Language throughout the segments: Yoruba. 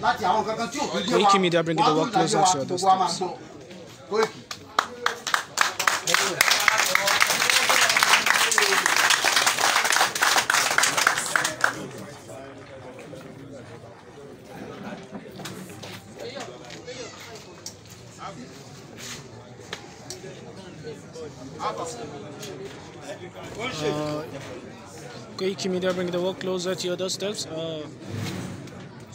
láti àwọn Media bring the work closer to your doorstep. Uh, Koiki Media bring the work closer to your doorsteps. Uh,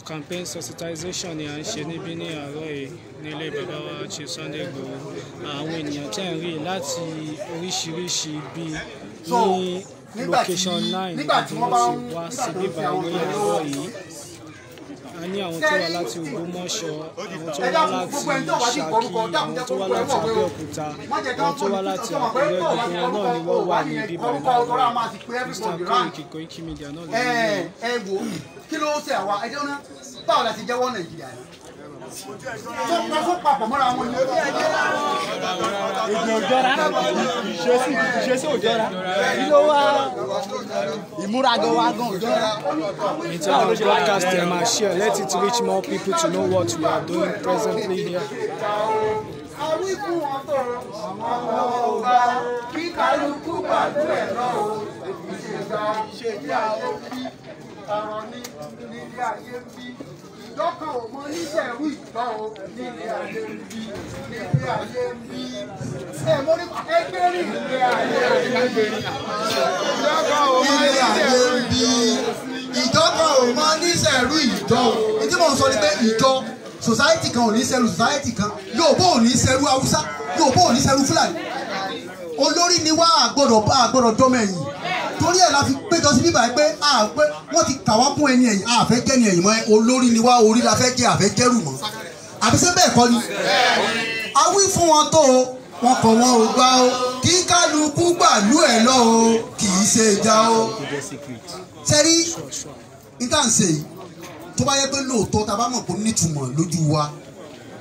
campaign sensitization ni à ń ṣe níbí ní àárọ̀ yìí nílé bàbá wa Chief Sunday Igboho àwọn ènìyàn tẹ̀ ń rí láti oríṣiríṣi ibi ní location nine àti wọ́n ti wá síbí báyìí ní àárọ̀ yìí a ní àwọn tó wá láti Ògbómọ̀ṣọ́ àwọn tó wá láti Ṣakí àwọn tó wá láti Abẹ́òkúta àwọn tó wá láti Àkúrẹ́ gbogbo wọn náà ni wọ́n wà ní bíbá náà Mr Koiki Koiki Media náà lè ní. báwo la ti jẹ́wọ́ Nàìjíríà yìí. tó ń pẹ́ fún papọ̀ mọ́ra wọn èdè ìṣesí ìṣesí òjọra kí ló wá ìmúra gan gan òjọra. It's our broadcast ẹ máa share let it reach more people to know what we are doing presently here. àwíkú ọmọ ọba kí kálukú gbàgbé ẹ̀ náà o ìṣèjọba ìṣèjọba ó ní nílé ayé bí ìjọ́kọ̀ ọmọ oníṣẹ̀rú ìgbà o nílé ayé ń bí nílé ayé ń bí. ẹ mo ní ẹgbẹ́ rí ilé ayé ń bí. ìjọ́kọ̀ ọmọ oníṣẹ̀rú ń bí. ìjọ́kọ̀ ọmọ oníṣẹ̀rú ìjọ́ o. ètí mò ń sọ ni pé ìjọ sòsáìtì kan ò ní ṣẹrú sòsáìtì kan Yorùbá ò ní ṣẹrú Haúsá Yorùbá ò ní ṣẹrú Fúlàní olórí ni wá àgbọ̀dọ̀ àgbọ̀dọ̀ dọ́mẹ̀yìn torí ẹ̀ la fi péjọ sí bíbá yìí pé àpé ah, wọ́n ti kà wá kún ẹni ẹ̀yìn àfẹ́ ah, jẹ́ ni ẹ̀yìn mọ́ olórí ni wá orí la fẹ́ jẹ́ àfẹ́ jẹ́rù mọ́ àbí ṣé bẹ́ẹ̀ kọ́ ni. a wí fún wọn tó o wọn kọ̀ wọn ò gbà o kí kálukú gbàlú ẹ̀ lọ o kì í ṣe ìjà o. sẹ́rí níta ń ṣe yìí tó bá yẹ pé lóòótọ́ ta bá mọ̀ pé nítumọ̀ lójú wa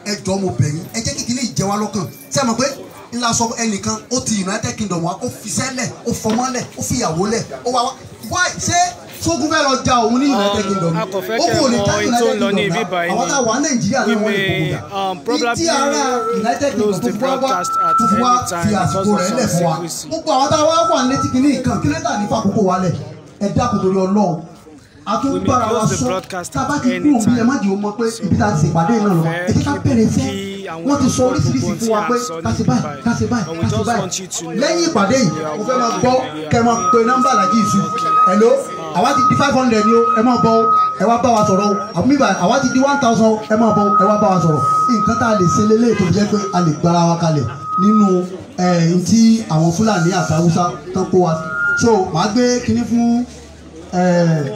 ẹ jọ́ mo bẹ̀ yín ẹ jẹ́ kékeré ìjẹ́wá lọ́kàn sẹ́ẹ̀ mọ̀ pé ńlá sọ ẹnìkan ó ti United Kingdom wá ó fi sẹ́lẹ̀ ó fọmọ́lẹ̀ ó fi ìyàwó lẹ̀ ó wá wá wá ṣé sógun fẹ́ lọ ja òun ní um, United Kingdom ó kò lè já United Kingdom náà àwọn tá a wà Nàìjíríà ló wọlé kò gbà tí ara United Kingdom tó fún wa tó fún wa fi àsìkò rẹ̀ lẹ̀ fún wa gbogbo àwọn tá a wá wà létí kìíní nǹkan kí lẹ́tà nípa àkókò wa lẹ̀ ẹ dákun torí Ọlọ́run a tún wa sọ tábàkì kúrò bí ẹ má jẹ́ o mọ̀ pé ibi tá ti ṣèpàdé náà lọ ẹ jẹ́ ká bẹ̀rẹ̀ fẹ́ wọ́n ti sọ oríṣiríṣi fún wa pé kásì báyìí kásì báyìí kásì báyìí lẹ́yìn ìpàdé yìí mo fẹ́ máa gbọ́ kẹ́ máa pe nọ́mbà làjì ìsú hello ah. àwa ti di five hundred ni o ẹ máa bọ̀ o ẹ wá bá wa sọ̀rọ̀ o àbúmíbà àwa ti di one thousand o ẹ máa bọ̀ o ẹ wá bá wa sọ̀rọ̀ nǹkan tá a lè ṣe lélẹ́yìí tó jẹ́ pé a lè gbára wa kalẹ̀ nínú ẹ̀ẹ́n tí àwọn Fúlàní àti Haúsá tán kó wa so màá gbé kinní fún ẹ̀ẹ́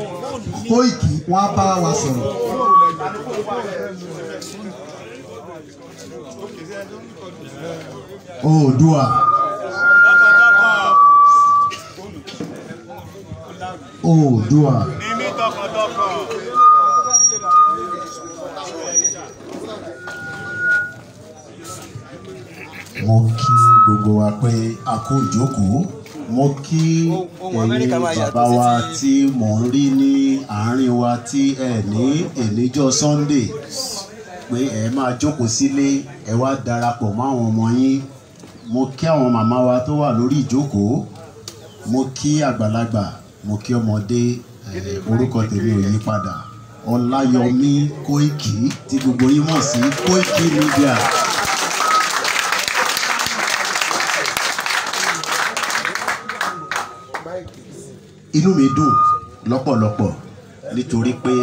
Kóìkì wọn á bá wa sọ̀rọ̀. Oh, dua. Oh, dua. Mo kí gbogbo wa pé a kó ìjókòó mo kí ẹ̀yin bàbá wa tí mò ń rí ní àárín wa tí ẹ ní èníjọ́ Sunday pé ẹ máa jókòó sílé ẹ wá darapọ̀ mọ́ àwọn ọmọ yín mo kí àwọn màmá wa tó wà lórí ìjókòó mo kí àgbàlagbà mo kí ọmọdé orúkọ tèmi ò yí padà ọláyọmí kóìkì tí gbogbo yín mọ̀ sí kóìkì media. inú mi dùn lọ́pọ̀lọpọ̀ nítorí pé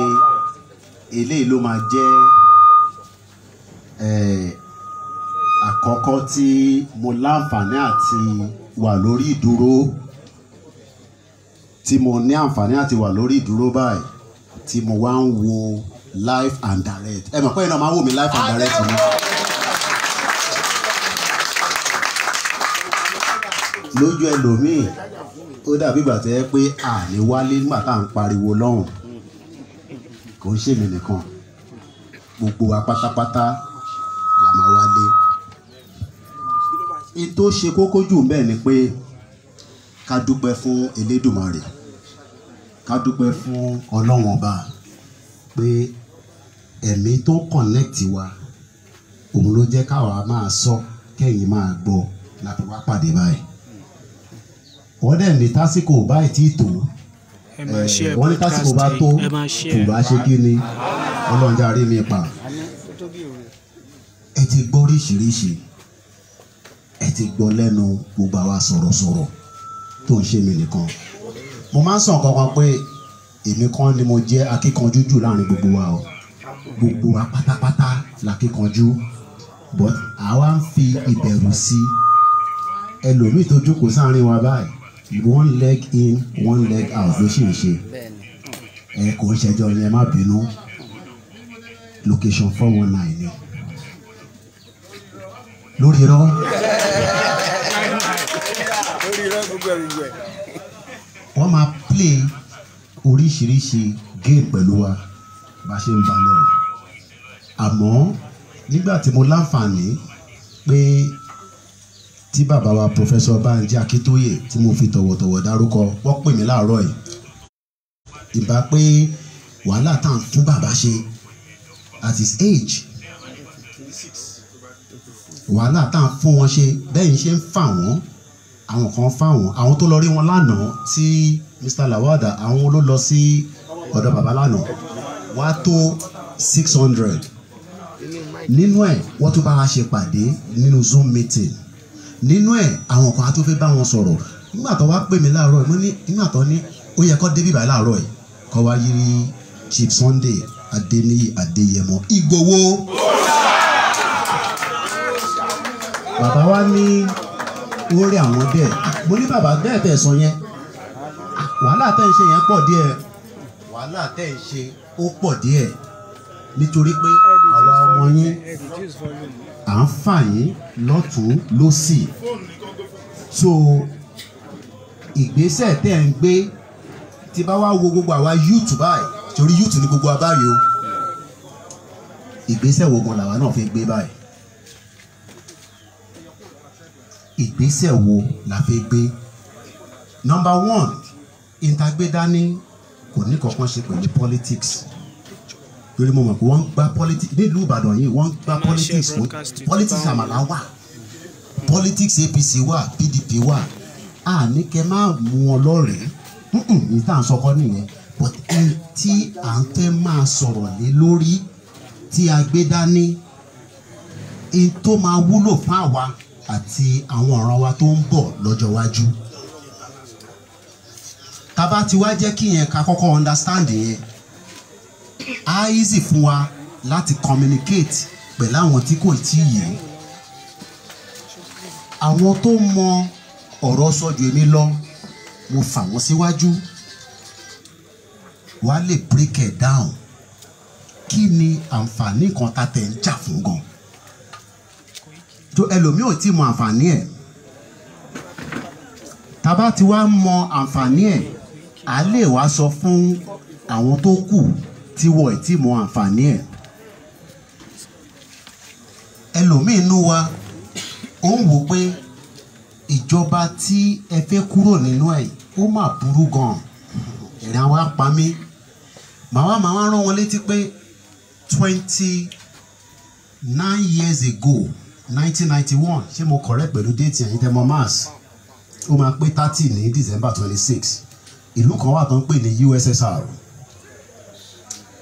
eléyìí ló máa jẹ́ Eh, àkọ́kọ́ tí mo láǹfààní àti wà lórí ìdúró tí mo ní àǹfààní àti wà lórí ìdúró báyìí tí mo wá ń wo live and direct ẹ mọ̀ pé iná máa wò mí live and direct mi. lójú ẹlòmíì ó dàbí ìgbà tẹ́ pé àní wálé nígbà tá à ń pariwo lọ́hùn kò ń ṣèmi nìkan gbogbo wa pátápátá máa wálé. n tó ṣe kókó jù ń bẹ̀ ni pé ká dúpẹ́ fún Elédùmarè ká dúpẹ́ fún Ọlọ́run ọba pé ẹ̀mí tó kọ̀nẹ́ẹ̀tì wa òun ló jẹ́ káwa máa sọ kẹ́yìn máa gbọ́ láti wá pàdé báyìí wọ́n dẹ̀ ní tásìkò báyìí tí tò eh, wọ́n ní tásìkò bá tó kò bá ṣe kí ni ọlọ́njà rí mi pa ẹ ti gbọ́ oríṣiríṣi ẹ ti gbọ́ lẹ́nu gbogbo àwa sọ̀rọ̀sọ̀rọ̀ tó ń ṣe mí nìkan mo máa ń sọ nǹkan kan pé èmi kan ni mo jẹ́ akíkanjú jù láàrin gbogbo wa o gbogbo wa pátápátá lakíkanjú but àwa ń fi ìbẹ̀rù sí ẹlòmíì tó jókòó sáàrin wa báyìí one leg in one leg out ló sì ń ṣe ẹ kò ń ṣẹjọ yẹn má bínú location four one nine ni lórí irọ́. wọ́n máa play oríṣiríṣi game pẹ̀lú wa bá ṣe ń ba lọ rẹ̀ àmọ́ nígbà tí mo láǹfààní pé tí bàbá wa Professor Banji Akíntóyè tí mo fi tọ̀wọ̀tọ̀wọ̀ dárúkọ wọ́n pè mí láàárọ̀ yìí ìbá pé wàhálà tá à ń fún bàbá ṣe at his age wàhálà tá à ń fún wọn ṣe bẹ́ẹ̀ ṣe ń fà wọ́n àwọn kan fà wọ́n àwọn tó lọ rí wọn lánàá tí Mr Lawada àwọn ló lọ sí ọ̀dọ̀ bàbá lánàá wá tó six hundred nínú ẹ̀ wọ́n tún bá wa ṣe pàdé nínú zoom meeting nínú ẹ̀ àwọn kan á tún fẹ́ bá wọn sọ̀rọ̀ nígbà tó wá pè mí láàárọ̀ ẹ̀ mo ní nígbà tó ní ó yẹ kó débí báyìí láàárọ̀ ẹ̀ kó wá yiri Chief Sunday Adeniyi Adeyemo Igboho bàbá wa ní orí àwọn díẹ̀ mo ní bàbá díẹ̀ tẹ̀ sọ yẹn wàhálà tẹ̀ ń ṣe yẹn pọ̀ díẹ̀ wàhálà tẹ̀ ń ṣe ó pọ̀ díẹ̀ nítorí pé àwa ọmọ yín à ń fà yín lọ́tún lọ́sì so ìgbésẹ̀ tẹ̀ ń gbé tí bá wá wo gbogbo àwa yúùtù báyìí torí yúùtù ni gbogbo abáyé ìgbésẹ̀ wo gan làwa náà fi gbé báyìí. ìgbésẹ̀ wo la fẹ́ gbé number one ìtagbédání kò ní kankan ṣe pẹ̀lú politics torí mo mọ̀ pé wọ́n ń gba politics nílùú Ìbàdàn yìí wọ́n ń gba politics wọ́n politics àmàlà wà politics APC wà PDP wà a ní kẹ́ máa mú wọn lọ́rẹ̀ẹ́ ní tá à ń sọkọ́ nìyẹn but ẹni tí à ń fẹ́ máa sọ̀rọ̀ lé lórí tí a gbé dání ẹni máa wúlò fáwa àti àwọn ọ̀ràn wa tó ń bọ̀ lọ́jọ́ iwájú tá bá ti wá jẹ́ kí yẹn ká kọ́kọ́ understand yẹn á easy fún wa láti communicate pẹ̀lú àwọn tí kò tí ì yé àwọn tó mọ ọ̀rọ̀ sọ ju èmi lọ mo fà wọ́n síwájú wàá lè break it down kí ni àǹfààní kan tá tẹ̀ ń jà fún gan-an tó ẹlòmíì ò tí mọ àǹfààní ẹ̀ tábà ti wá mọ àǹfààní ẹ̀ á lè wá sọ fún àwọn tó kù tí wọ́n ẹ̀ tí mọ àǹfààní ẹ̀ ẹlòmíì nú wa ó ń wò pé ìjọba tí ẹ fẹ́ kúrò nínú ẹ̀ ó mà burú gan-an ẹ̀rín àwa màwa màwa rán wọn létí pé twenty nine years ago nineteen ninety one ṣé mo correct pẹ̀lú déètì ẹ̀yin tẹ́ mọ̀ mars ó máa pé thirty ní december twenty six ìlú kan wà tó ń pè ní ussr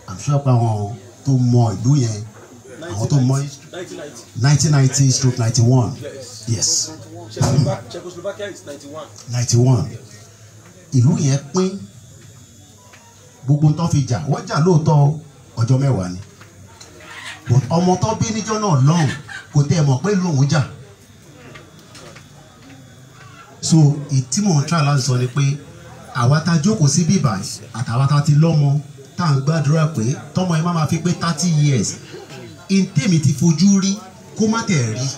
i'm sure pé àwọn tó mọ ìlú yẹn àwọn tó mọ nineteen ninety stroke ninety one yes Czechoslovakia is ninety one ninety one ìlú yẹn pín gbogbo tó fi jà wọ́n jà lóòótọ́ ọjọ́ mẹ́wàá ni ọmọ tó bí níjọ́ náà lọ́hùn kò tẹ́ ẹ mọ̀ pé lòun jà so ìtí mò ń tra láti sọ ni pé àwa ta jókòó sí bíbà àtàwa ta ti lọ́mọ tá à ń gbàdúrà pé tọ́mọ ẹ má máa fi pé thirty years ntẹ́mi ti fojú rí kó má tẹ̀ rí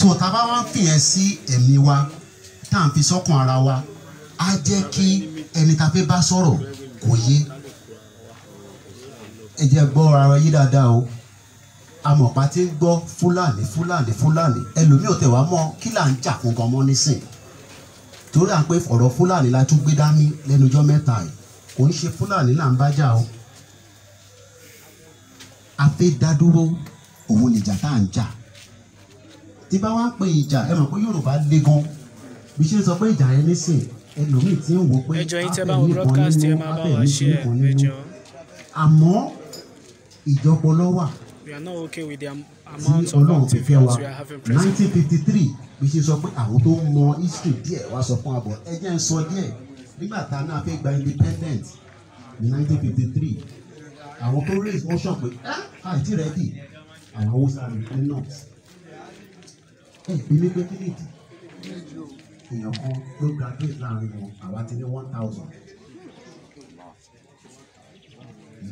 so tá a bá wá ń fìyẹn sí ẹ̀mí wa tá à ń fi sọ́kàn ara wa á jẹ́ kí ẹni tá a fẹ́ bá sọ̀rọ̀ kò yé ẹ jẹ́ gbọ́ ara yí dáadáa o amọ̀pá ti ń gbọ́ fúlàní fúlàní fúlàní ẹlòmíì ò tẹ̀ wá mọ́ kí là ń jà fún gan mọ́ nísìn torí à ń pé ọ̀rọ̀ fúlàní la tún gbé dání lẹ́nujọ́ mẹ́ta yìí kò ń ṣe fúlàní là ń bá jà o a fẹ́ dá dúró òun nìjà tá à ń jà tí bá wá ń pe ìjà ẹ mọ̀ pé Yorùbá le gan bí ṣe ń sọ pé ìjà yẹn nísìn ẹlòmíì ti ń wò pé afẹ́ nìkan nínú afẹ́ nìkan nínú àmọ́ ìjọpọ̀ lọ́wọ́ we are not okay with the amount of activities we are having present. nineteen fifty three bí ṣe sọ pé àwọn tó ń mọ history díẹ̀ wá sọ fún abọ̀ ẹ jẹ́ ń sọ díẹ̀ nígbà tá a náà fẹ́ gba independent ní nineteen fifty three àwọn tó raise motion pé àìtí rẹ̀ dì àwọn haúsá ní north ẹ ìpínlẹ̀ pé kí èèyàn kan ló graduate láàrin wọn àwa ti ní one thousand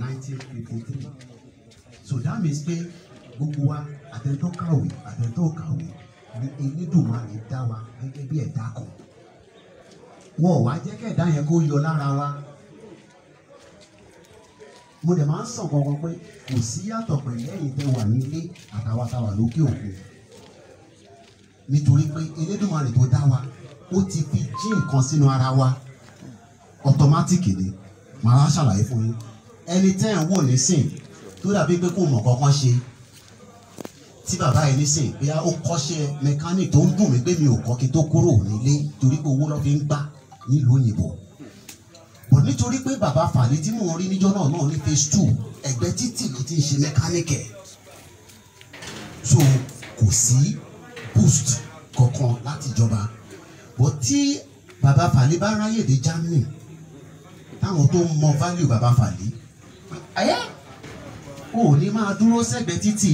nineteen fifty three so that means pé gbogbo wa àtẹ̀tọ́ kàwé àtẹ̀tọ́ kàwé ni Elédùmarè dá wa gẹ́gẹ́ bí ẹ̀dá kan wọn ò wá jẹ́ kẹ̀dá yẹn kó yọ lára wa mo dẹ̀ máa ń sàn kankan pé kò sí yàtọ̀ pẹ̀lú ẹ̀yin tẹ́ wà nílé àtàwa tá lókè òkun nítorí pé Elédùmarè tó dá wa ó ti fi jí nǹkan sínú ara wa ọ̀tọ̀mátìkì ni màá ṣàlàyé fún yín ẹni tẹ́ ẹ̀ wò nísìn tó dàbí pé kò mọ̀ kankan ṣe tí bàbá yìí nísìnyí pé ó kọ́ṣẹ́ mẹkáníìkì tó ń dùn mí pé mi ò kọ́ kí tó kúrò nílé torí pé owó lọ́ fi ń gbà nílùú òyìnbó bọ̀ nítorí pé bàbá fàlí tí mò ń rí níjọ́ náà náà ní phase two ẹgbẹ́ títì ló ti ń ṣe mẹkáníìkì so kò sí boost kankan láti ìjọba bọ̀ tí bàbá fàlí bá ráyè dé Germany táwọn tó mọ value bàbá fàlí ẹ̀yẹ́ o ò ní máa dúró sẹ́gbẹ̀ẹ́ títì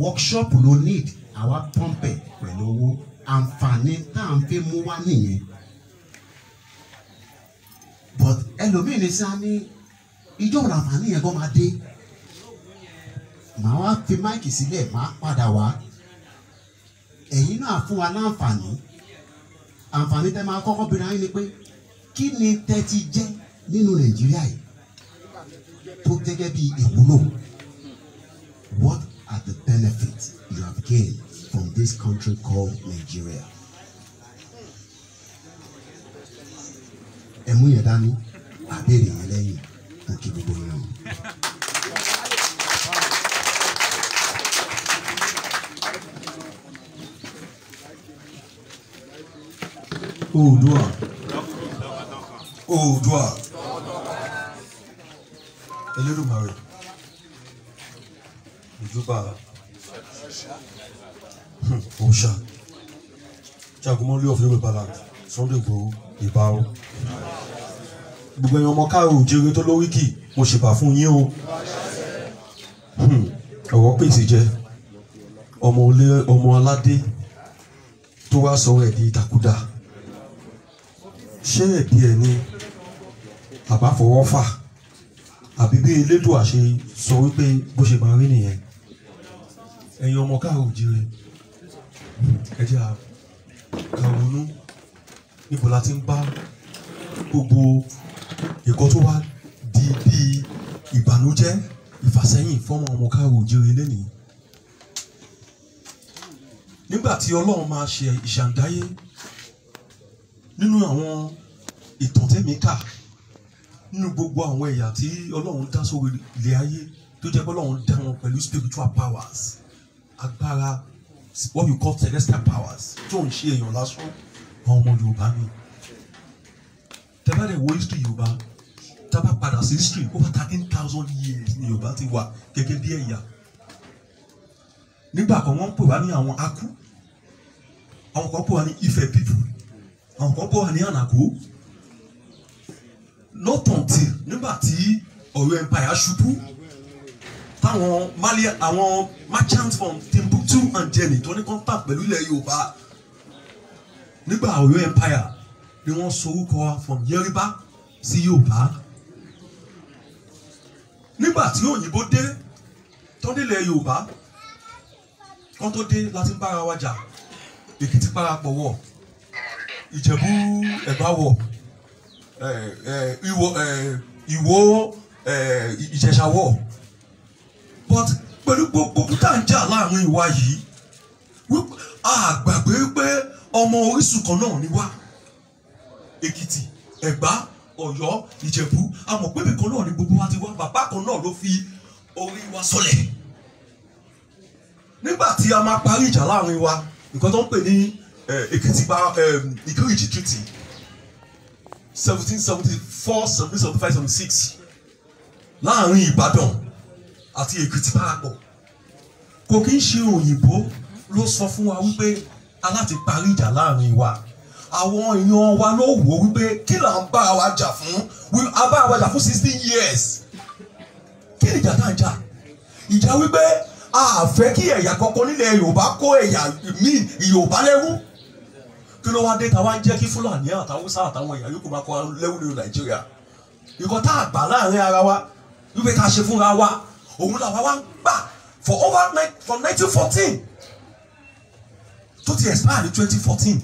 workshop ló need àwa pọ́ǹpẹ̀ pẹ̀lú owó àǹfààní tá à ń fi mú wá nìyẹn but ẹlòmíì ní sá ní ìjọ làǹfààní yẹn kọ́ máa dé màá wá fi máìkì sílẹ̀ màá padà wá ẹ̀yin náà fún wa láǹfààní àǹfààní tẹ́ máa kọ́kọ́ bìnrin ayé ni pé kí ni tẹ́ ti jẹ́ nínú Nàìjíríà yìí tó gẹ́gẹ́ bí ìwúlò what are the benefits you have gained from this country called Nigeria? ẹ̀mú yẹn dání àbẹ̀rẹ̀ yẹn lẹ́yìn òkè gbogbo yẹn. Oh, Oòduà. Elédùmarè ìjọba Osha hmm, jagunmọ́lé of Yorùbá land Sunday Igboho ìbáwò gbogbo ẹ̀yin ọmọ káàrò òjèrè tó lóríkì mo ṣèbà fún yín o hmm, ọ̀rọ̀ pèsè jẹ ọmọ olé ọmọ aládé tó wá sọ̀rọ̀ ẹ̀ di ìdàkudà ṣé ẹ̀bi ẹ̀ ni àbáfọwọ́fà àbí bí elédùn àṣe sọ wípé bó ṣe máa rí nìyẹn ẹ̀yin ọmọ káàró òjìrè ẹ jẹ́ àkàrònú níbo la ti ń bá gbogbo ẹ̀kọ́ tó wá di bíi ìbànújẹ́ ìfàsẹ́yìn fọ́mọ ọmọ káàró òjìrè lẹ́nìí nígbà tí ọlọ́run máa ṣe ìṣàǹdáyé nínú àwọn ìtàn tẹ́mi kà nínú gbogbo àwọn ẹ̀yà tí ọlọ́run dá sórí ilé ayé tó jẹ́ pé ọlọ́run dá wọn pẹ̀lú spiritual powers agbára what you call celestial powers tó ń ṣe èèyàn lásán àwọn ọmọ yorùbá mi tẹ́bàdẹ̀ wo history yorùbá tábà padà sí history over thirteen thousand years ni yorùbá ti wà gẹ́gẹ́ bí ẹ̀yà nígbà kan wọ́n ń pè wá ní àwọn akú àwọn kan pè wá ní Ifẹ̀ people àwọn kan pè wá ní ànàkó not until nígbà tí Ọ̀yọ́ empire ṣubú táwọn mali àwọn merchant from Timbuktu and Jenny tó ní contact pẹ̀lú ilẹ̀ Yorùbá nígbà Ọ̀yọ́ empire ni wọ́n sọ orúkọ wa from Yorùbá sí Yorùbá nígbà tí òyìnbó dé tọ́ndílẹ̀ Yorùbá kan tó dé láti ń bára wa jà Èkìtì parapọ̀ wọ̀ Ìjẹ̀bú Ẹ̀gbá wọ̀. Ìwó Ìwó Ìjẹ̀ṣà war but pẹ̀lú gbogbo tá à ń jà láàrin ìwà yìí a gbàgbé pé ọmọ orísun kan náà ni wá Èkìtì Ẹ̀gbá Ọ̀yọ́ Ìjẹ̀bú a mọ̀ pé ibìkan náà ni gbogbo wa ti wá bàbá kan náà ló fi orí wa sọlẹ̀ nígbà tí a máa parí ìjà láàrin wa nǹkan tó ń pè ní eh, Èkìtì bá eh, Ìkírìjì treaty seventeen seventy four seventeen seventy five seventy six láàrin Ìbàdàn àti Èkìtì parapọ̀ kò kí ń ṣe òyìnbó ló sọ fún wa wípé aláti parí ìjà láàrin wa àwọn èèyàn wa ló wò wípé kí là ń bá wa jà fún a bá wa jà fún sixteen years kí ni ìjà tá à ń jà ìjà wípé a fẹ́ kí ẹ̀yà kankan nílẹ̀ Yorùbá kó ẹ̀yà míì Yorùbá lẹ́rú kí ló wá dé tàwa ń jẹ́ kí fúlàní àtàwùsá àtàwọn èèyàn yòókù máa kọ́ lẹ́wùlẹ́wù nàìjíríà ìkọ́ tá a gbà láàrin ara wa wípé ká ṣe fúnra wa òun làwa wá ń gbà for over nine from nineteen fourteen tó ti expire ní twenty fourteen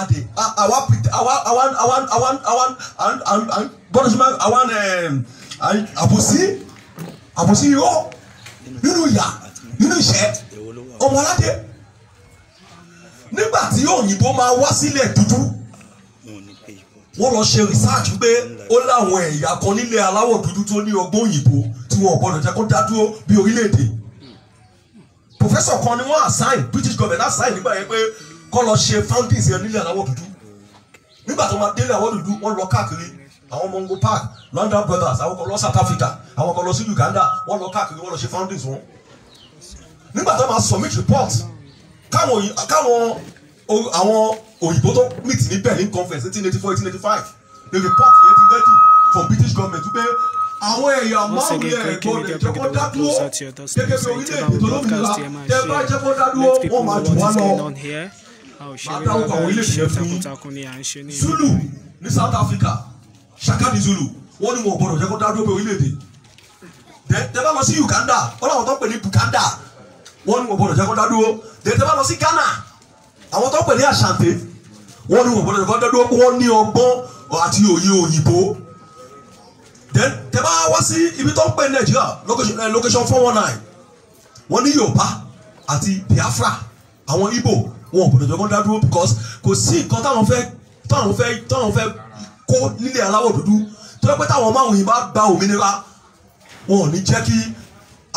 adé àwa àwa àwa àwa àwa àwa gbọ́dọ̀ sọ́mọ́ ehm, àwa àbòsí àbòsí yìí ó nínú ìyà nínú ìṣẹ́ ọmọ aládé nígbà tí òyìnbó máa wá sílẹ̀ dúdú wọ́n lọ ṣe research pé ó láwọn ẹ̀yà kan nílẹ̀ aláwọ̀ dúdú tó ní ọgbọ́n òyìnbó tí wọn gbọ́dọ̀ jẹ́ kó dá bí orílẹ̀-èdè professor kan ni wọ́n assign British government assign nígbà yẹn pé kọ́ lọ ṣe foundings yẹn nílẹ̀ aláwọ̀ dúdú nígbà tó máa délé aláwọ̀ dúdú wọ́n lọ káàkiri àwọn Mungo Park London Brothers àwọn kan lọ South Africa àwọn kan lọ sí Uganda wọ́n lọ káàkiri wọ́n lọ ṣe foundings wọn nígbà tó máa submit report káwọn káwọn àwọn òyìnbó tó meet ní Berlin conference eighteen eighty four eighteen eighty five the report yẹn ti ready for British government wípé àwọn ẹ̀yà márùn-ún yẹn gbọ́dọ̀ jẹ́ kó dá gẹ́gẹ́ bí orílẹ̀-èdè tó lómìnira tẹ́ bá jẹ́ kó dá wọ́n máa jù wá lọ máa dáwọ́ àwọn orílẹ̀-èdè fún yín Zulu ní South Africa Shaka ni Zulu wọ́n ní wọn gbọ́dọ̀ jẹ́ kó dá dúró pé orílẹ̀-èdè tẹ́ bá lọ sí Uganda wọ́n làwọn tó ń pè ní Buganda wọ́n ní wọ́n gbọ́dọ̀ jẹ́ kó dádúró tètè bá lọ sí Ghana àwọn tó pè ní àṣàntè wọ́n ní wọ́n gbọ́dọ̀ jẹ́ kó dádúró wọ́n ní ọgbọ́n àti òye òyìnbó tẹ bá wá sí ibi tó ń pè Nàìjíríà eh, location four one nine wọ́n ní Yorùbá àti Biafra àwọn Igbo wọn ò gbọ́dọ̀ jẹ́ kó dádúró because kò sí nǹkan táwọn fẹ́ táwọn fẹ́ táwọn fẹ́ kó nílẹ̀ aláwọ̀ dúdú tó yẹ pé táwọn máa òyìnbá gba òmìnira wọn ò ní jẹ́ kí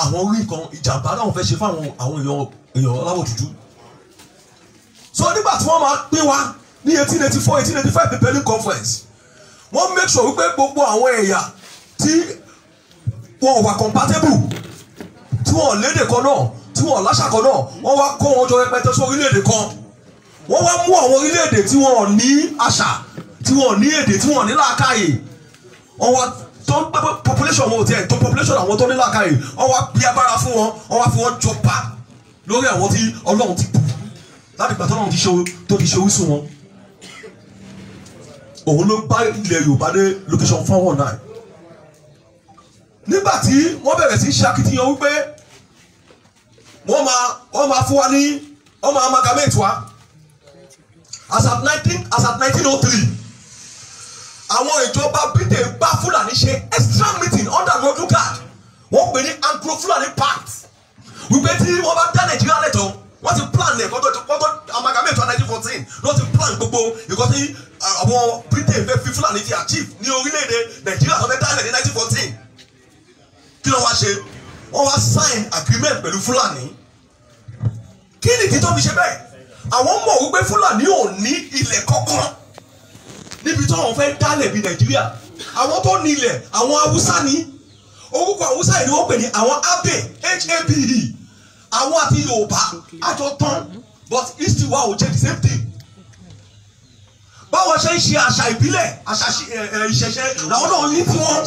àwọn orí nǹkan ìjàmbá náà fẹ́ ṣe fún àwọn àwọn èèyàn èèyàn aláwọ̀ dúdú. so nígbà tí wọ́n máa pín wa ní eighteen eighty four eighteen eighty five Prevailing Conference wọ́n make sure wípé gbogbo àwọn ẹ̀yà tí wọn wà compatible tí wọn lédè kan náà tí wọn láṣà kan náà wọ́n wá kó wọn jọ rẹpẹtẹ sí orílẹ̀-èdè kan wọ́n wá mú àwọn orílẹ̀-èdè tí wọn ò ní àṣà tí wọn ò ní èdè tí wọn ò ní làákàyè wọ́n wá tó ń pẹ́ population wọn ò tiẹ̀ tó population àwọn tó ní làákàyè wọ́n wá gbé agbára fún wọn wọ́n wá fi wọ́n jọba lórí àwọn tí ọlọ́run ti bù láti gbà tọ́lọ́run ti ṣe tó ti ṣe wísùn wọn. òun ló bá ilẹ̀ Yorùbá dé location four one nine nígbà tí wọ́n bẹ̀rẹ̀ sí ṣàkitiyan wípé wọ́n máa wọ́n máa fún wa ní wọ́n máa amalgamate wa as at nineteen as at nineteen oh three àwọn ìjọba bídè bá fúlàní ṣe extra meeting under rodu card wọ́n pè ní agro fúlàní pact wípé tí wọ́n bá dá nàìjíríà lẹ́tọ̀ọ́ wọ́n ti plan ẹ̀ kọ́tọ́ kọ́tọ́ amalgamate for nineteen fourteen wọ́n ti plan gbogbo ìkọ́ tí uh, àwọn bídè fẹ́ fi fúlàní ti achieve ní orílẹ̀-èdè nàìjíríà tó fẹ́ dálẹ̀ ní nineteen fourteen kí ló wá ṣe wọ́n wá sign agreement pẹ̀lú fúlàní kí nìdí tó fi ṣe bẹ́ẹ̀ àwọn mọ̀ wípé fúlàní ò ní ilẹ̀ kankan níbi tí wọ́n fẹ́ dálẹ̀ bí nàìjíríà àwọn tó nílẹ̀ àwọn haúsá ni orúkọ haúsá yìí ni wọ́n pè ní àwọn abe habe àwọn àti yorùbá àjọ tán but east wa ò jẹ́ the same thing báwọn ṣe ń ṣe àṣà ìbílẹ̀ àṣà ìṣẹ̀ṣẹ̀ làwọn náà ní fún wọn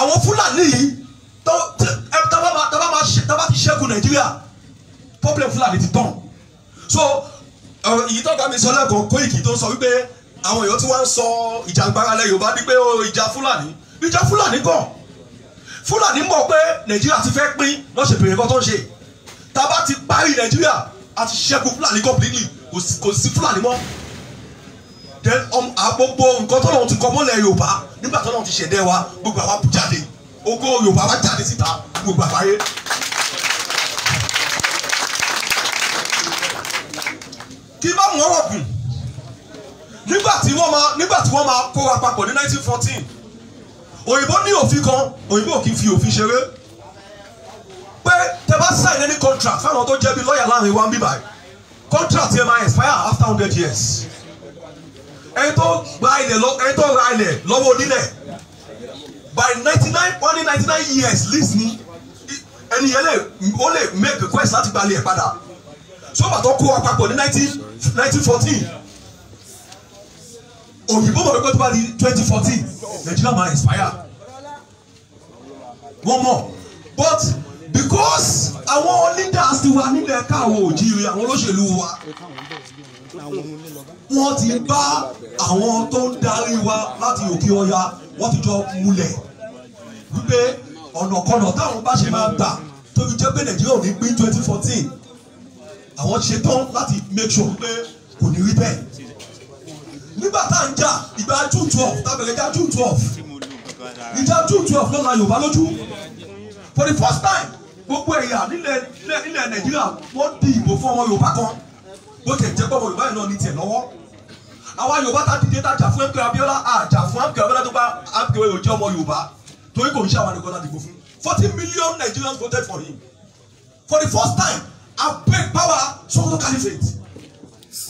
àwọn fúlàní yìí tábà ti ṣẹ́gun nàìjíríà problem fúlàní ti tán so èyí tó ga mi sọ lẹ́kọ̀ọ́ Koiki tó sọ wípé àwọn èèyàn tí wọ́n ń sọ ìjàngbara lẹ Yorùbá ní pé oh, ìjà Fúlàní ìjà Fúlàní gan Fúlàní mọ̀ pé Nàìjíríà ti fẹ́ pín lọ́sẹ̀ bèrè kan tó ń ṣe tá a bá ti parí Nàìjíríà a ti ṣẹ́gun Fúlàní completely kò sí Fúlàní mọ́ then um, gbogbo nǹkan tó lọ́wọ́ ti kọ́ mọ́lẹ̀ Yorùbá nígbà tó lọ́wọ́ ti ṣẹ̀dẹ̀ wa gbogbo àwa bù jáde ògo Yorùbá wa jáde síta gbogbo àgbáyé. kí bá mú ọ̀rọ̀ gùn nígbà tí wọ́n máa nígbà tí wọ́n máa kó wa papọ̀ ní 1914 òyìnbó ní òfin kan òyìnbó kì í fi òfin ṣeré pé tẹ bá sign any contract fáwọn tó jẹ́ bí lọ́ọ̀yà láàrin wa ń bíbá yìí contract yẹn máa expire after hundred years ẹni tó gba ilẹ̀ lọ ẹni tó ra ilẹ̀ lọ́wọ́ onílẹ̀ by ninety nine only ninety years lease ni ẹni yẹn lè ó lè make request láti gba ilẹ̀ padà sọ́bà tó kó wa papọ̀ ní nineteen òyìnbó mọ̀ pé tó bá di twenty fourteen Nigeria man expire One more, but because àwọn leaders ti wà nílẹ̀ káàwọ̀ òjìrì àwọn olóṣèlú wa wọ́n ti bá àwọn tó ń darí wa láti òkè ọya wọ́n ti jọ múlẹ̀ wípé ọ̀nàkọ̀nà táwọn bá ṣe máa gbà tó fi jẹ́ pé nàìjíríà ò ní pín twenty fourteen àwọn ṣetán láti make sure pé kò ní rí bẹ́ẹ̀ nígbà tá à ń jà ìgbà june twelve tábẹ̀rẹ̀ ìjà june twelve ìjà june twelve lọ́la yorùbá lójú for the first time gbogbo ẹ̀yà nílẹ̀ nàìjíríà wọ́n di ìbò fún ọmọ yorùbá kan bó tẹ̀ jẹ́ pọ̀ yorùbá yìí náà ní tiẹ̀ lọ́wọ́ àwa yorùbá ta dìde ta jà fún MKO Abiola àjà fún MKO Abiola tó bá MKO yóò jẹ́ ọmọ yorùbá torí kò ń ṣe àwọn nìkan láti gbó fún forty million Nigerians voted for him for the first time I power Sokoto Caliphate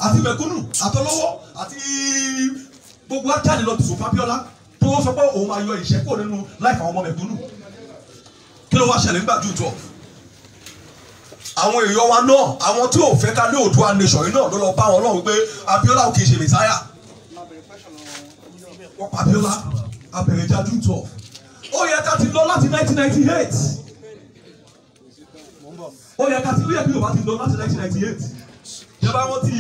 àti mẹ̀kúnnù àtọlọ́wọ́ àti gbogbo ajáde lọ tùsùn fábíọ́lá tó sọ pé òun máa yọ ìṣẹ́kù nínú láìka ọmọ mẹ̀kúnnù kí ló wá ṣẹlẹ̀ nígbà jù tọ̀ àwọn èèyàn wa náà àwọn tí ò fẹ́ ká ní Oòduà nation yìí náà ló lọ bá wọn lọ́wọ́ pé Abíọ́lá ò kì í ṣe mẹ̀sáyà wọ́n pa Abíọ́lá abẹ̀rẹ̀ jájú tọ̀ ó yẹ ká ti lọ láti 1998 ó yẹ ká ti lóye bí o bá ti lọ láti 1998 jẹba wọn ti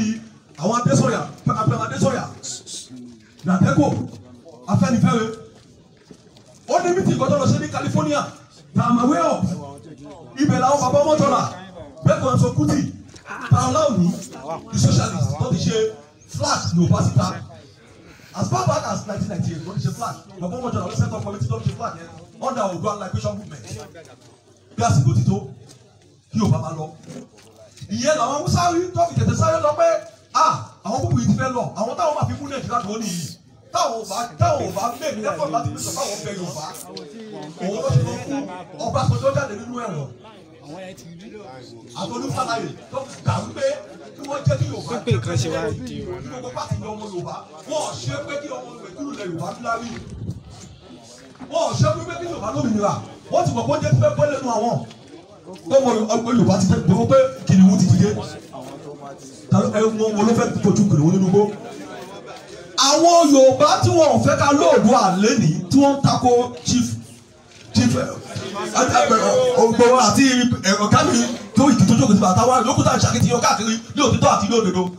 àwọn adésọyà abẹ́rẹ́ adésọyà nàdẹ́kò afẹ́nifẹ́re ó ní mítì ìkọ́jọ́ lọ sí ní California tààmàwé ọ̀ ibẹ̀ làwọn bàbá ọmọ jọra bẹ́ẹ̀ so sọ Kútì tààláwù the socialist tó ti ṣe Flat ní òbáṣítà as far back as 1998 ló ti ṣe Flat. bàbá ọmọ jọra ló set up committee tó ti ṣe flag yẹn under Oòduà liberation movement bí àsìkò ti tó kí Yorùbá máa lọ ìyẹn làwọn Haúsá rí tó fi tètè sáré lọ pé ah àwọn púpù yìí ti fẹ́ lọ àwọn táwọn máa fi mú nàìjíríà tó nìyí táwọn bá táwọn bá bẹ́ẹ̀ ní lẹ́fọ̀n láti pèsè táwọn bẹ yorùbá òun ló ti lọ kú ọba sọjọ́ jáde nínú ẹ̀wọ̀n àtolúfàlàyé tó dàrú pé kí wọ́n jẹ́ kí yorùbá jẹ́ kí wọ́n jẹ́ kí gbogbo pàtì ní ọmọ yorùbá wọ́n ṣe pé kí ọmọ yorùbá kúrò lẹ yorùbá fúláwì wọ́n ṣe pé kí yorùbá lómìnira wọ́n ti mọ̀ pé ó jẹ́ pé pẹ́lẹ́nu àwọn ọmọ yorùbá ti fẹ́ gbogbo pé kìnìún ti dìde wọn ló fẹ́ kojú kiri wọn nínú gbó. àwọn Yorùbá tí wọn ò fẹ́ ká lóòdù àlẹ́ nìyí tí wọ́n tako chief chief eh, eh, eh, ògbòho àti ọ̀gá mi tó ìdìtò jókòó ti bàtà wá lókùtà ìṣàkìtìyàn káàkiri ní òtítọ́ àti ní òdodo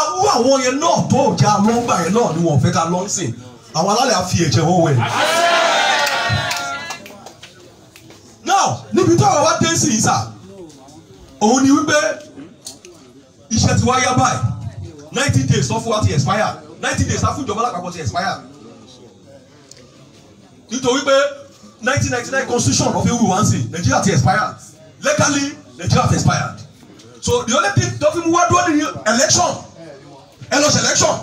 awú àwọn yẹn náà tó jà lọ́ngbà yẹn náà ni wọ́n fẹ́ ká lọ́nsìn àwọn alálẹ̀ àfi ẹ̀jẹ̀ wọ́n wẹ̀. now níbi tí ọ̀rọ̀ wa dé sí ìsà òun ni wípé iṣẹ́ ti wá báyìí ninety days sọ fún wa ti expire ninety days afúnjọba lápapọ̀ ti expire nítorí pé nineteen ninety nine constitution of fi wù wá sí Nigeria ti expire legally Nigeria ti expire so the only thing tó fi mú wá dúró ni election ẹ lọ selection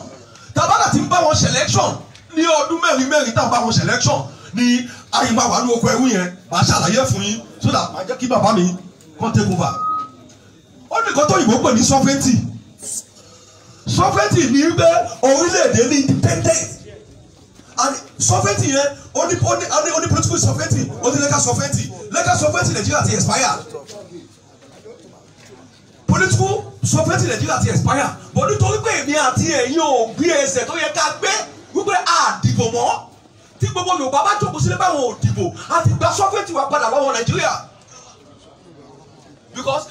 tábàdà ti ń bá wọn selection ní ọdún mẹ́rin mẹ́rin tá a bá wọn selection ni àyìnbá wà ní oko ẹrú yẹn màá ṣàlàyé fún yín so that màá jẹ́ kí bàbá mi kàn take over ó nìkan tó yìnbó pè ní sọfẹ́tì sọfẹ́tì ní pé orílẹ̀-èdè ní independent sọfẹ́tì yẹn ó ní ó ní political sọfẹ́tì ó ní lẹ́ka sọfẹ́tì lẹ́ka sọfẹ́tì nàìjíríà ti expire political sọfẹ́tì nàìjíríà ti expire bọ́n nítorí pé èmi àti ẹ̀yin ò gbé ẹsẹ̀ tó yẹ ká gbé wípé àdìbò mọ́ tí gbogbo yorùbá bá jókòó sílé báwọn ò dìbò àti gba sọfẹ́tì wa padà lọ́wọ́ nàìjíríà because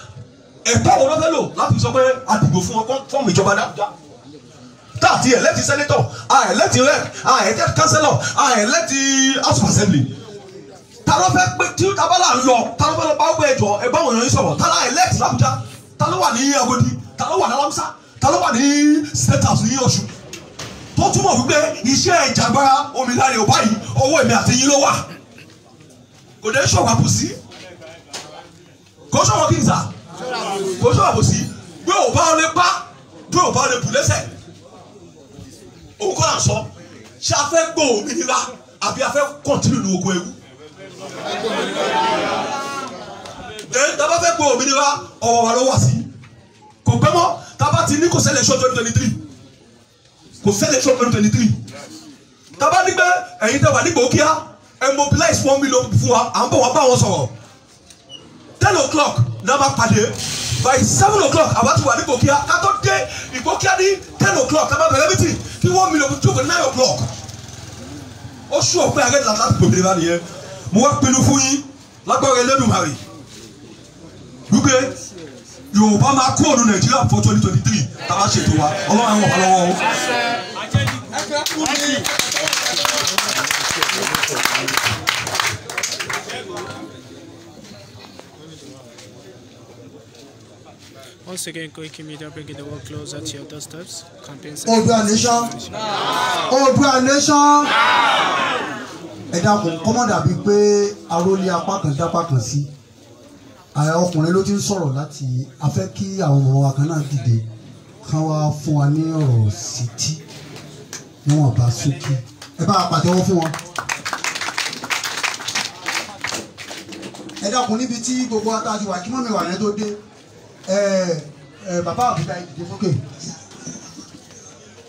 ẹ̀tọ́ wo ló fẹ́ lò láti sọ pé a fún wọn fọ́ọ̀mù ìjọba dáadáa tààtì ẹ̀lẹ́tì sẹ́nẹ́tọ̀ ẹ̀lẹ́tì rẹ̀ ẹ̀lẹ́tì kánsẹ́lọ̀ ẹ̀lẹ́tì house assembly ta ló fẹ́ pé tí tabala ń lọ ta ló fẹ́ lọ bá gbé ẹjọ́ ẹ bá wọ̀nyí sọ̀rọ̀ ta ló ẹ̀lẹ́tì làbújá ta ló wà ní Agodi ta ló wà ní Alámsá ta ló wà ní state ní Ọ̀ṣun tó túmọ̀ wípé iṣẹ́ ìjàgbara omiláre ò báyìí ọwọ́ èmi àti yín ló wà kò dé sọ̀rọ̀ àpòsí kò sọ̀rọ̀ kí n sà kò sọ àbòsí bí o bá lè pa bí o bá lè bù lẹ́sẹ̀ òun kọ́ là ń sọ ṣé a fẹ́ gbọ́ òmìnira àbí a fẹ́ kọ́ntínú lu ogun ewu ẹ̀ tá a bá fẹ́ gbọ́ òmìnira ọ̀wọ̀ wa ló wà sí kò pẹ́ mọ́ tá a bá ti ní kò ṣẹlẹ̀ ṣọ́ twenty twenty three kò ṣẹlẹ̀ ṣọ́ twenty twenty three tá a bá ní pé ẹ̀yin tẹ́ wà nígbà ó kíá mobilize one million fún wa à ń bọ̀ wá bá wọn sọ̀rọ̀ ten o'clock ní wọ́n pàdé by seven o'clock àwa ti wà ní Ìgbòkíà ká tó dé Ìgbòkíà ní ten o'clock ká máa bẹ̀rẹ̀ mítì kí wọ́n mi lò tó fún nine o'clock ó sún ọ̀pẹ́ àgẹ́ láti láti gbòmìnira bá nìyẹn mo wá pinnu fún yín lágbára Elédùmarè wípé Yorùbá máa kó òdu Nàìjíríà fún twenty twenty three tàbá ṣètò wa Ọlọ́run àwọn ọ̀pá lọ́wọ́ o. Once again, Koiki Media bringing the world closer to your doorsteps. Campaigns. Odua Nation. Odua Nation. Ẹ dákun kọ́mọ́ dàbí pé arólé apá kan dápá kan sí. Àwọn ọkùnrin ló ti ń sọ̀rọ̀ láti afẹ́ kí àwọn ọmọ wa kan náà dìde kán wá fún wa ní ọ̀rọ̀ sétí níwọ̀n bá sókè. Ẹ bá pàtẹ́wọ́ fún wọn. Ẹ dákun níbi tí gbogbo wa ti wà kí mọ́mi wà ní tó dé. Eh, eh, bàbá àbújá ìdíje sókè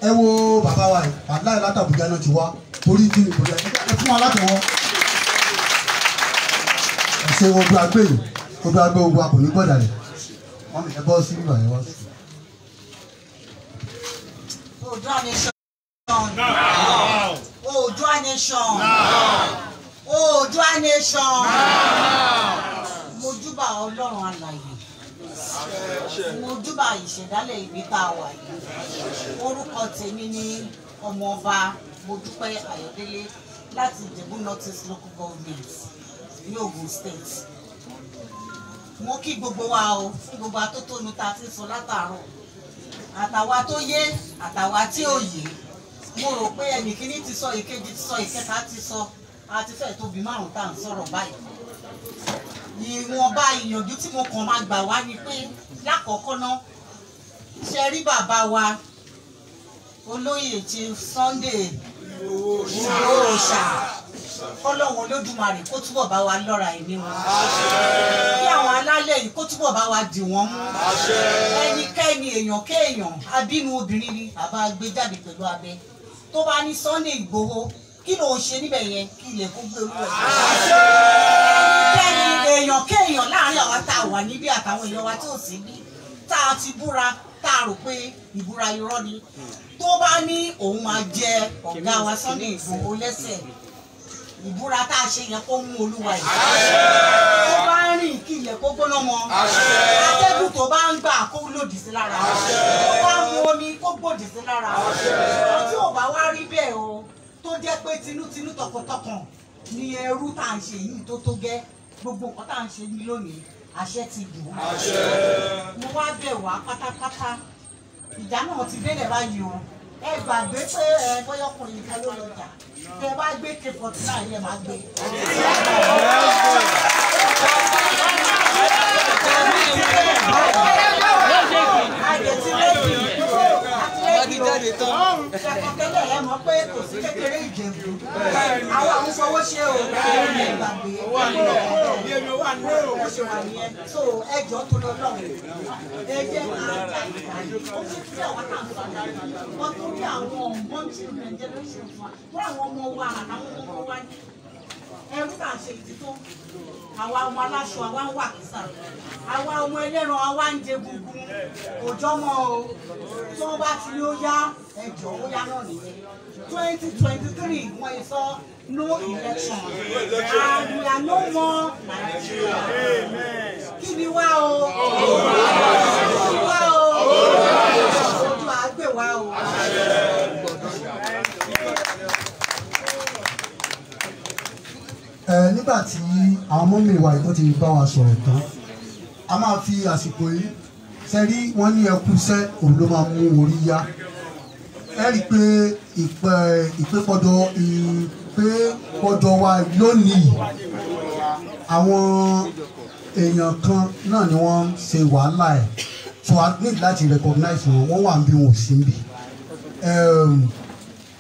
ẹ wo bàbá wa yìí aláì látàbújá náà ti wá orí kí ni bòlẹ̀ ẹ fún wa látọwọ́ ẹ ṣe ogun agbé ogun agbé ogun akò ní gbọ́dọ̀ rẹ̀ wọ́n mi ẹ sí ìgbà yẹn wá sí. Odua nation. Odua nation. Odua nation. Mojúbà Ọlọ́run alààyè mo júbà ìṣẹ̀dálẹ̀ ibi tá a wà yìí orúkọ tèmi ni ọmọọba Modúpẹ́ Ayọ̀délé láti Ìjẹ̀bú Northeast local government ní Ògùn state mo kí gbogbo wa o kí gbogbo atótónu ta ti sọ látàárọ̀ àtàwa tó yé àtàwa tí ò yé mo rò pé ẹnì kíní ti sọ ìkejì ti sọ ìkẹta ti sọ àti fẹ́ẹ̀ tóbi márùn tá à ń sọ̀rọ̀ báyìí ìwọ̀nba ìyànjú tí mo kàn máa gbà wá ni pé lákọ̀ọ́kọ́ náà ṣe rí bàbá wa olóyè ti Sunday Ìgbòho Òòṣà kọ́lọ́hún olódùmarè kó túbọ̀ bá wa lọ́ra ẹ̀mí wọn. kí àwọn alálẹ̀ yìí kó túbọ̀ bá wa dì wọ́n mú. ẹnikẹ́ni èèyàn kéèyàn abínú obìnrin ni bàbá gbé jáde pẹ̀lú abẹ tó bá ní Sunday Ìgbòho kí ló ń ṣe níbẹ̀ yẹn kí ilẹ̀ kó gbé orú ẹ̀ bẹ́ẹ̀ni èèyàn kéèyàn láàrin àwa tá a wà níbí àtàwọn èèyàn wa tí ò sí bí tá a ti búra tá a rò pé ìbúra irọ́ ni tó bá ní òun máa jẹ ọ̀gá wa Sunday Igboho lẹ́sẹ̀ ìbúra tá a ṣe yẹn kó mú olúwa yìí tó bá rìn kí ilẹ̀ kó gbóná mọ́ atẹ́gùn tó bá ń gbà kó lòdì sí lára tó bá mu omi kó gbòdì sí lára ṣùgbọ́n tí ò bá wá rí bẹ́ẹ̀ o tó jẹ́ pé tinútinú tọkàntọkàn ni ẹrú tá à ń ṣe yìí tó tó gẹ́ gbogbo nǹkan tá à ń ṣe ní lónìí àṣẹ ti dùn ún. àṣẹ. mo wá bẹ̀ wá pátápátá ìjà náà ti délẹ̀ báyìí o ẹ gbàgbé pé ẹ bóyá ọkùnrin nìkan ló lọ jà tẹ bá gbé k forty nine yẹn máa gbé. yín jáde tán. ọ̀hún kẹ̀kọ́ tẹ́lẹ̀ ẹ mọ̀ pé kò sí kékeré ìjẹ̀bù àwọn àwọn fowó ṣe o ìgbàgbé owó àná owó àná owó ṣe so ẹjọ́ tó lọ lọ́wọ́ ẹjẹ́ máa ta ìgbàgbé ó ti fi àwọn àǹfààní wọn tó rí àwọn ọmọ children generation fún wa fún àwọn ọmọ wa àtàwọn ọmọ wa ní ẹrú tà ń ṣe ìtítọ́ àwa ọmọ aláṣọ àwa ń wà kìsà àwa ọmọ ẹlẹ́ran àwa ń jẹ gungun òjọ́ o tí bá ti ní ó yá ẹjọ́ ó yá náà nìyẹn twenty twenty three wọ́n yìí sọ no election and we are no more Nigeria kí ni wá o kí ni wá o ojú àgbè wá o. nígbà tí àwọn ọmọ mi wà ìtọ́ ti bá wa sọ̀rọ̀ tán a máa fi àsìkò yìí sẹ́rí wọ́n ní ẹkú sẹ́ òun ló máa mú orí yá ẹ rí i pé ìpépọ̀dọ̀ ìpépọ̀dọ̀ wa lónìí àwọn èèyàn kan náà ni wọ́n ṣe wàhálà ẹ̀ so i need láti recognize wọn wọ́n wà ń bí wọn ò sí ń bí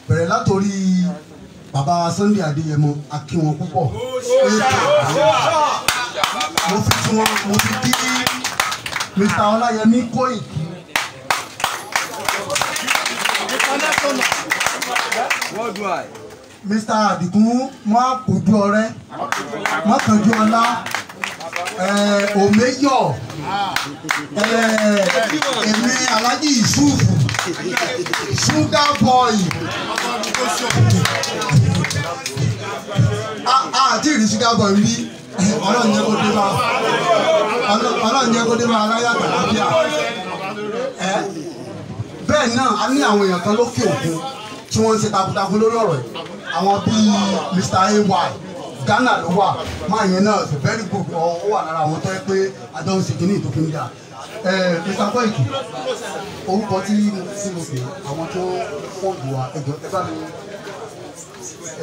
bẹ̀rẹ̀ látòrí bàbá Sunday Adéyẹmọ akí wọn mo fi tí wọn mo fi kí Mr Ọláyẹmí Kóìkì. Mr Àdìgún má kojú ọrẹ má kojú ọlá òmeyọ èmi Alhaji Yusuf Sugar Boy àti ah, ah, ìrísí gábọ̀ rí ọlọ́run jẹ́ kó dé bá ọlọ́run jẹ́ kó dé bá aláyà kàlábíà ẹ bẹ́ẹ̀ náà a ní àwọn èèyàn kan lókè òkun tí wọ́n ń ṣe takuntakun lórí ọ̀rọ̀ yìí àwọn bíi Mr. Ay Ghana ló wà máa yẹn náà very good ọ wà lára àwọn tó yẹ pé adóhùn ṣèkínní ìtòkìní dáa. Mr Koiki orúkọ tí tí mo pè àwọn tó fọ́ọ̀dù wa ẹ̀jọ̀ ẹ bá mi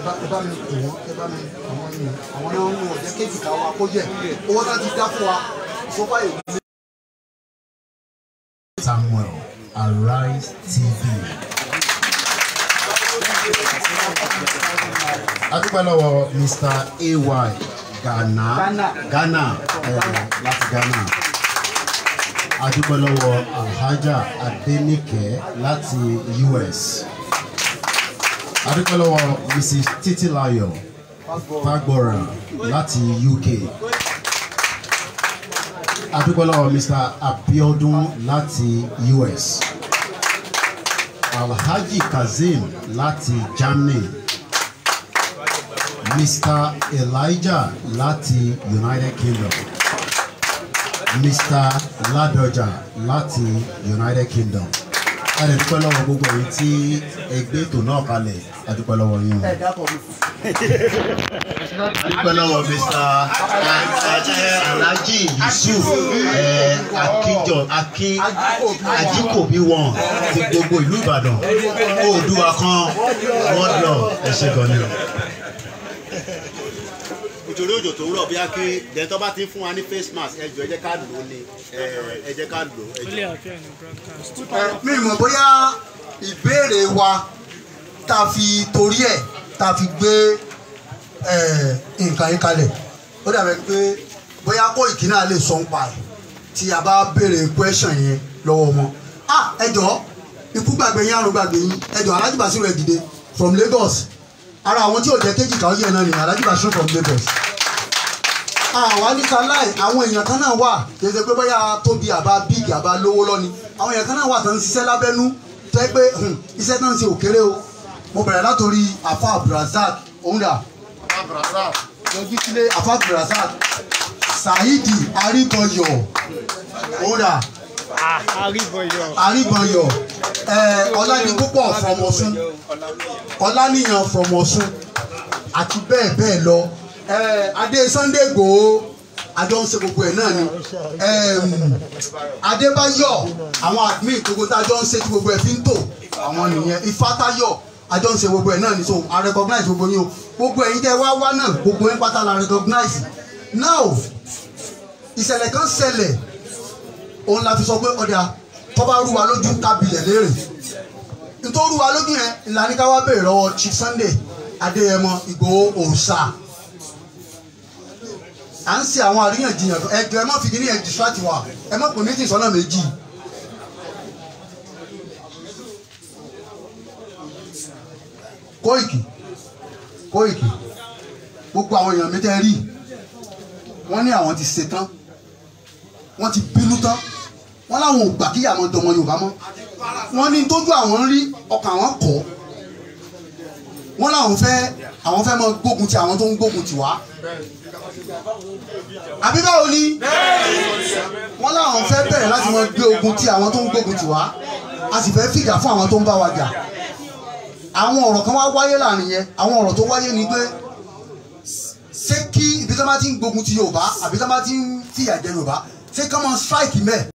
ẹ bá mi pè wọ́n ẹ bá mi àwọn ni àwọn náà ń wọ̀ jẹ́ kéèkì ká wa owó náà ti dá fún wa tó bá Samuel Arise TV. adúpẹ́ Mr AY Ghana Ghana láti Ghana adúpẹ́ alhaja adenike láti US adúpẹ́ mrs titilayo fagbora láti UK adúpẹ́ mr abiodun láti US alhaji kazeem láti Germany. Mr. Elijah láti United Kingdom. Mr. Ladoja láti United Kingdom a lè dúpẹ́ lọ́wọ́ gbogbo èyí tí ẹgbẹ́ ètò náà kalẹ̀ a dúpẹ́ lọ́wọ́ yín o a dúpẹ́ lọ́wọ́ Mr. Alhaji Yusuf akíjọ akí ajíkòbí wọn ti gbogbo ìlú Ìbàdàn Oòduà kan wọ́n lọ ẹ̀ṣẹ̀ gan ni nítorí òjò tó rọ̀ bí akiri dẹ́tọ́ bá ti fún wa ní face mask ẹ jọ̀ọ́ ẹ jẹ́ ká lò ó ni ẹ jẹ́ ká lò ó ẹ jọ̀ọ́. mi mọ̀ bóyá ìbéèrè wa ta fi torí ẹ̀ ta fi gbé nǹkan yín kalẹ̀ ó dàbẹ̀ pé bóyá kó ìkíná lè sọ ń pa ẹ̀ tí a bá béèrè question yẹn lọ́wọ́ wọn. ah ẹ jọ̀ọ́ ikú gbàgbé yín àrùn gbàgbé yín ẹ jọ̀ọ́ alájùbásí rẹ̀ dìde from Lagos ara àwọn tí ò jẹ́ kéjì káwọ́ yẹn náà ni alájùbásí from Lagos àwa níta láì àwọn èèyàn kan náà wà kẹsẹ̀ pé bóyá tóbi àbá bíìgì àbá lówó lọ́ni àwọn èèyàn kan náà wà tó ń ṣiṣẹ́ lábẹ́nú tó yẹ pé iṣẹ́ náà ń ṣe òkèrè o mo bẹ̀rẹ̀ látòrí afa abdulrasaq ounda lọ́jú sílé afa abdulrasaq saidi aribọyọ ounda aribọyọ ọlánipúpọ̀ from Ọ̀ṣun ọláníyàn from Ọ̀ṣun àti bẹ́ẹ̀ bẹ́ẹ̀ lọ adé Sunday go, àjọ ń ṣe gbogbo ẹ̀ náà ni Adébáyọ̀ àwọn admin gbogbo tá a jọ ń ṣe tí gbogbo ẹ̀ fi ń tò àwọn nìyẹn Ifátayọ̀ àjọ gbogbo ẹ̀ náà ni so I recognize gbogbo yín o gbogbo ẹ̀yin tẹ́ wá wá náà gbogbo yín pátá la recognize now ìṣẹ̀lẹ̀ kan ṣẹlẹ̀ òun la fi sọ pé ọ̀dà tọ́ba rúwa lójú tábìlẹ̀ léèrè nítorí rúwa lójú yẹn ìlànà ká wá bèèrè lọ́wọ́ Chief Sunday Adéyẹmọ Ìgbòho òòṣà à ń ṣe àwọn àríyànjiyàn ẹjọ ẹ má fi kíní yẹn distract wa ẹ má pè méjì sọ́nà méjì. Kóìkì Kóìkì gbogbo àwọn èèyàn mi tẹ́ rí wọ́n ní àwọn ti ṣetán wọ́n ti bínú tán wọ́n láwọn ò gbà kíyà máa dọmọ Yorùbá mọ́ wọ́n ní tójú àwọn rí ọkàn àwọn kọ́ wọ́n láwọn fẹ́ àwọn fẹ́ máa gbógun ti àwọn tó ń gbógun ti wá àbí báwo ni wọ́n láwọn fẹ́ bẹ̀rẹ̀ láti mọ gbé ogun ti àwọn tó ń gbógun tì wá a sì fẹ́ fìjà fún àwọn tó ń bá wa jà àwọn ọ̀rọ̀ kan wá wáyé láàrin yẹn àwọn ọ̀rọ̀ tó wáyé ni pé ṣé kí ibi tí wọ́n bá ti ń gbógun ti Yorùbá àbí tí wọ́n bá ti ń fìyà jẹ Yorùbá ṣé kí wọ́n máa strike mẹ́ẹ̀.